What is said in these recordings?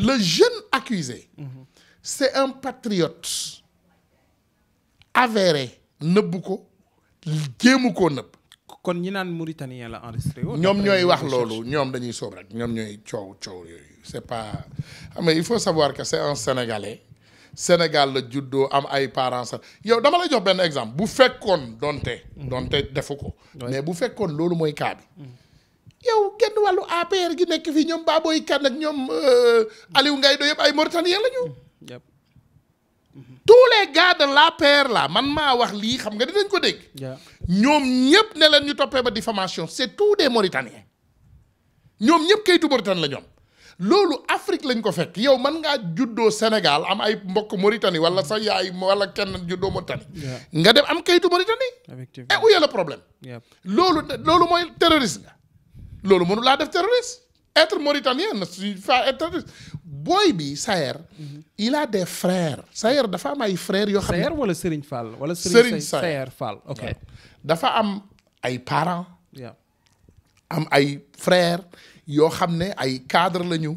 Le jeune accusé, mmh. c'est un patriote avéré, nëbbu ko jéemu koo nëbb. kon ñi naan mauritanien la enregistré woon. ñoom ñooy wax loolu ñoom dañuy soob rek ñoom ñooy coow coow yooyu c'est pas xam ah, il faut savoir que c'est un sénégalais Sénégal la juddoo am ay parents yow dama lay jox benn exemple bu fekkoon donte. donte defu ko. mais bu fekkoon loolu mooy cas yow genn wàllu APR gi nekk fii ñoom Baboy kan ak ñoom euh, Aliou ngay do yëpp ay Mauritaniens la ñu. Mm-hmm. Mm-hmm. tous les gars de man maa wax lii xam nga dinañ ko dégg. ñoom ñëpp ne leen ñu toppee ba diffamation c'est tous des Mauritaniens ñoom ñëpp kayitu Mauritanie la ñoom. loolu Afrique lañ ko fekk yow man ngaa juddoo Sénégal am ay mbokk Mauritanie wala sa yaay wala kenn juddoo Mauritanie. nga dem am kayitu Mauritanie. effectivement et eh, où problème. loolu loolu mooy terrorisme. loolu mënu laa def terroriste être mauritanien ne suffit pas être booy bi Sayer. Mhm. il a des frères. Sayer dafa am ay frères yoo xam ne. wala Serigne Fall wala Serigne Sayer Fall ok dafa am ay parents. am ay frères yoo xam ne ay cadres lañu.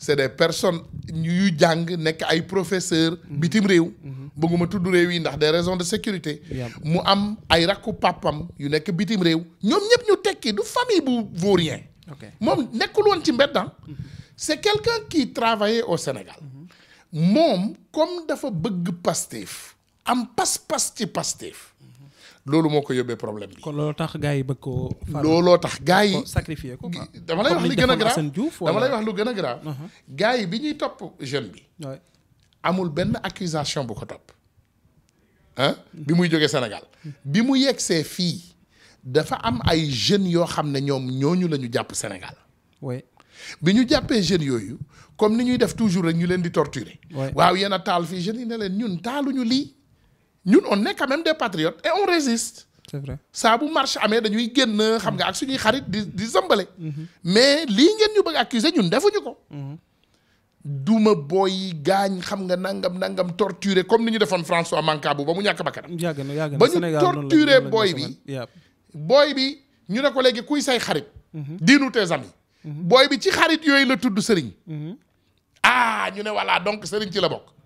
c'est des personnes yu jàng nekk ay professeurs. bitim réew. bëgguma tudd réew yi ndax de raisons de sécurité. mu am ay rakku papam yu nekk bitim réew. ñoom ñëpp ñu tekki du famille bu vaurien. moom nekkul ci mbeddam ah. c'est quelqu'un qui travaillait au Sénégal. moom comme dafa bëgg Pastef am pas-pas ci Pastef. loolu moo ko yóbbee problème bi. kon looloo tax gaa yi bëgg koo. looloo tax gars yi sacrifier ko dama lay wax gën a grave dama wax lu gën a grave. Uh-huh. gars yi bi ñuy topp jeune bi. amul benn accusation bu ko topp. bi muy jógee Sénégal bi mu yegsee fii dafa am ay jeunes yoo xam ne ñoom ñooñu la ñu jàpp Sénégal. oui bi ñu jàppee jeune yooyu comme ni ñuy def toujours rek ñu leen di torturer. waaw yéen taal fii jeunes yi ne leen ñun taaluñu lii. ñun on est quand même des patriotes et on résiste. c'est vrai bu marche amee dañuy génn xam nga ak suñuy xarit di di zambale. Mhm. mais lii ngeen ñu bëgg accuser ñun defuñu ko. Mhm. duma booy yi gaañ xam nga nangam nangam torturé comme ni ñu defoon france François Mancabou ba mu ñàkk bakkanam yàgg na yàgg na ba ñu torturé booy bi. booy bi ñu ne ko léegi kuy say xarit. Mhm. diinu tes amis. booy bi ci xarit yooyu la tudd Serigne. ah ñu ne voilà donc Serigne ci la bokk.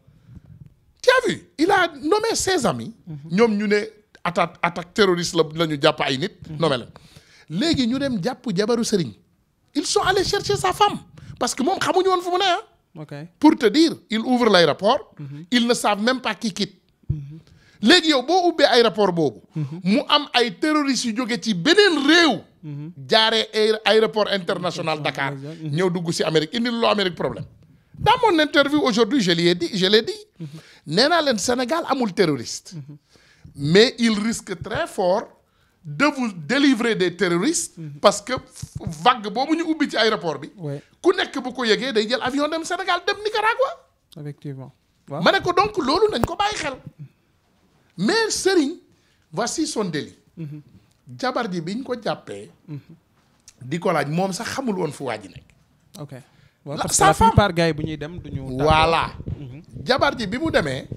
tu as vu il a nommé ses ñoom ñu ne attaque attaque terroriste la ñu jàpp ay nit. nommé la léegi ñu dem jàpp jabaru sëriñ ils sont allés chercher sa femme parce que moom xamuñu woon fu mu ne ah. pour te dire il ouvre l'aéroport. Mhm. ils ne savent même pas qui léegi yow boo ubbee aéroport boobu. mu am ay terroristes yu jóge ci beneen réew. Mhm. jaaree aéroport international Dakar. ñëw dugg si Amérique indil loo Amérique problème. dans mon interview aujourd'hui je l'ai dit je l'ai dit nee naa leen Sénégal amul terroriste mais il risque très fort de vous délivrer des terroristes parce que vague boobu ñu ubbi ci aéroport bi ku nekk bu ko yëgee day jël avion dem Sénégal dem Nicaragua effectivement ma ne ko donc loolu nañ ko bàyyi xel mais Serigne voici son délit jabar ji biñ ko jàppee di ko laaj moom sax xamul woon fu waa ji nekk waaw parce que la plupart yi bu ñuy dem du ñu. voilà. Mhm. jabar ji bi mu demee.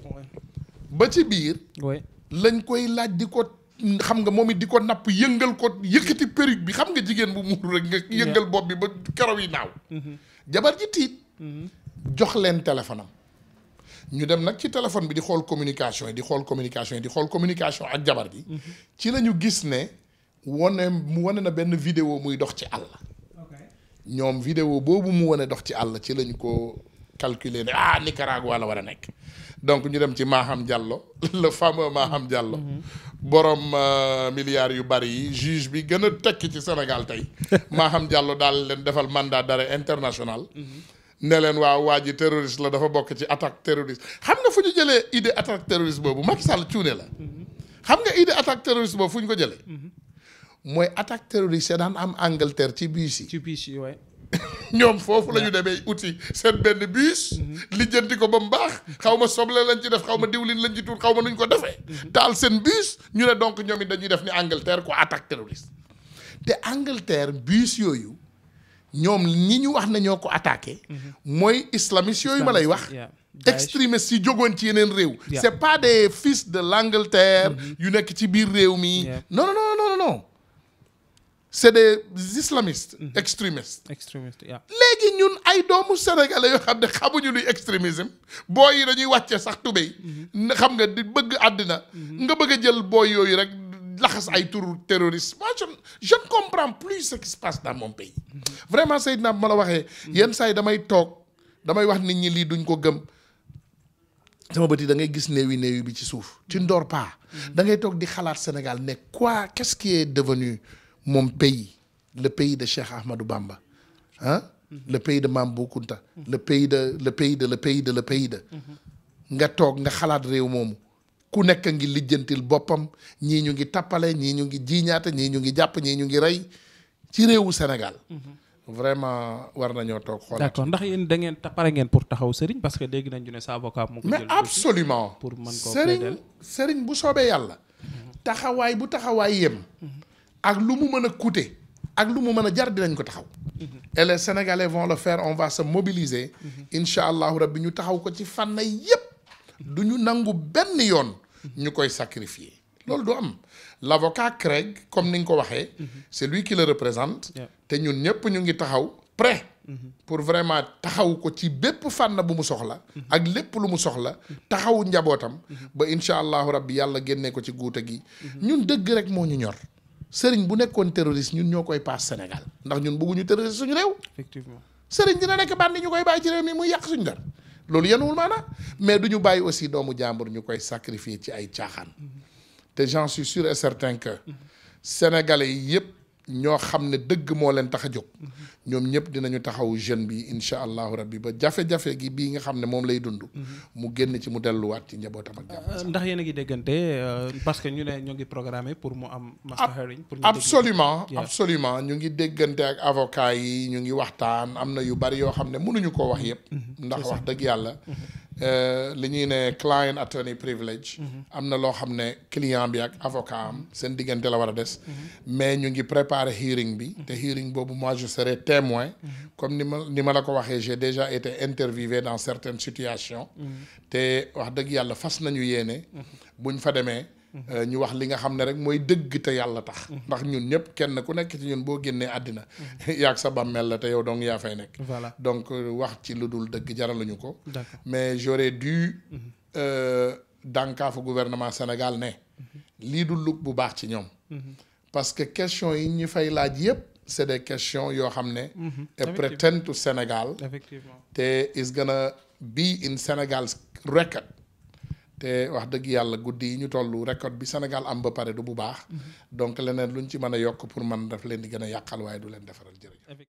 ba ci biir. lañ koy laaj di ko xam nga moom it di ko napp yëngal ko yëkkati perruque bi xam nga jigéen bu muur rek nga yëngal bopp bi ba karaw yi naaw. Mhm. jabar ji tiit. Mhm. jox leen téléphone ñu dem nag ci téléphone bi di xool communication yi di xool communication yi di xool communication ak jabar ji. ci lañu gis ne. wone mu wane na benn video muy dox ci àll. ñoom vidéo boobu mu wane dox ci àll ci lañ ko calculer ne ah Nicaragua la war a nekk donc ñu dem ci Maham Diallo le fameux Maham jàllo mhm. borom euh, milliards yu bari yi juge bi gën a tekki ci Sénégal tey Maham jàllo daal leen defal mandat d'arrêt international mhm. ne leen waaw waa ji terroriste la dafa bokk ci attaque terroriste xam nga fu ñu jëlee idée attaque terroriste boobu Macky cuune la mhm. xam nga idée attaque terroriste boobu fu ñu ko jëlee mooy attaque terroriste daan am Angleterre ci ñoom foofu la demee uti seen benn bus. Mm-hmm. lijjanti ko ba mu baax xaw ma soble lañ ci def xaw ma diwlin lañ ci tuur xaw ma nuñ ko defee. Mm-hmm. taal seen bus ñu ne donc ñoom it dañuy def ni Angleterre ko attaque terroriste. te Angleterre bus yooyu ñoom ñi ñu wax na ko attaqué. Mm-hmm. mooy islamistes yooyu ma lay wax. extrémistes yi jógoon ci yeneen réew. c'est pas des fils de l'Angleterre. yu nekk ci biir réew mi. c'est des islamistes. Mhm. extrémistes. léegi ñun ay doomu sénégalais yoo xam ne xamuñu luy extrémisme booy yi dañuy wàcce sax tubéy. Mhm. xam nga di bëgg àddina. Mhm. nga bëgg a jël booy yooyu rek laxas ay tour terroriste moi je je ne comprends plus ce qui se passe dans mon pays. vraiment Seydina ma la waxee. yenn saa yi damay toog damay wax nit ñi lii duñ ko gëm. sama bët yi da ngay gis néewi néewi bi ci suuf. ci ndoor dors pas. da ngay toog di xalaat Sénégal ne quoi qu'est-ce qui est devenu. moom pays le pays de Cheikh Ahmadou Bamba ah le pays de Mame Bou Kounta le pays de le pays de le pays de le mhm. nga toog nga xalaat réew moomu ku nekk ngi lijjantil boppam ñii ñu ngi tappale ñii ñu ngi jiiñaate ñii ñu ngi jàpp ñii ñu ngi rey ci réewu senegal mhm. vraiment war nañoo toog xool d'accord ndax yéen da ngeen pare ngeen pour taxaw Serigne parce que dégg nañu ne sa avocat mu ko jël mais absolument pour mën ko Serigne Serigne bu soobee yàlla taxawaay bu taxawaay yem ak lu mu mën a couté ak lu mu mën a jar dinañ ko taxaw. et les sénégalais vont le faire on va se mobiliser. incha allahu rabbi ñu taxaw ko ci fànn yépp du ñu nangu benn yoon. ñu koy sacrifier. loolu du am l'avocat Craig comme ni nga ko waxee. c'est lui qui le représente. te ñun ñëpp ñu ngi taxaw prêt. pour vraiment taxaw ko ci bépp fànn bu mu soxla. ak lépp lu mu soxla. taxawu njabootam. ba incha allahu rabbi yàlla génnee ko ci guute gi. ñun dëgg rek moo ñu ñor. sëriñ bu nekkoon terroriste ñun ñoo koy paas Sénégal ndax ñun bëgguñu terroriste suñu réew. effectivement sëriñ dina nekk bandi ñu koy bàyyi ci réew mi muy yàq suñu dara loolu yenuwul maanaam mais du ñu bàyyi aussi doomu jàmbur ñu koy sacrifier ci ay caaxaan. Mm-hmm. te j'en suis sûr et certain que sénégalais yëpp. ñoo xam ne dëgg moo leen tax a jóg ñoom ñëpp dinañu taxawu jeune bi incha allahu rabbi ba jafe-jafe gi bii nga xam ne moom lay dund mu génn ci mu delluwaat ci njabootam ak jàmm euh, ndax yéen a ngi déggante euh, parce que ñu ne ñoo ngi programme pour mu am master hearing pour absolument absolument ñu ngi déggante ak avocat yi ñu ngi waxtaan am na yu bari yoo xam ne mënuñu koo wax yëpp mm-hmm. ndax wax dëgg yàlla mm-hmm. Euh, li ñuy ne client attorney privilege. Mhm. am na loo xam ne client bi ak avocat am seen diggante la war a des. Mhm. mais ñu ngi préparer hearing bi. Mhm. te hearing boobu moi je serai témoin. comme ni ma ni ma la ko waxee j'ai déjà été interviewé dans certaines situation te wax dëgg yàlla fas nañu yéene. buñ fa demee. Euh, ñu wax li nga xam ne rek mooy dëgg te yàlla tax ndax ñun ñëpp kenn ku nekk ci ñun boo génnee àddina yaag sa bàmmeel la te yow donc yaa fay nekk voilà donc euh, wax ci lu dul dëgg jaraluñu ko mais j'aurais dû mm-hmm. euh, dànkaafu gouvernement Sénégal ne mm-hmm. lii du lug bu baax ci ñoom mm-hmm. parce que question yi ñu fay laaj yëpp c'est des questions yoo xam ne et pretend to Sénégal te is gonna be in Sénégal's record te wax dëgg yàlla guddi yi ñu tollu record bi Sénégal am ba pare du bu baax. Mhm. donc leneen lu ñu ci mën a yokk pour man daf leen di gën a yàqal waaye du leen defaral jërëjëf.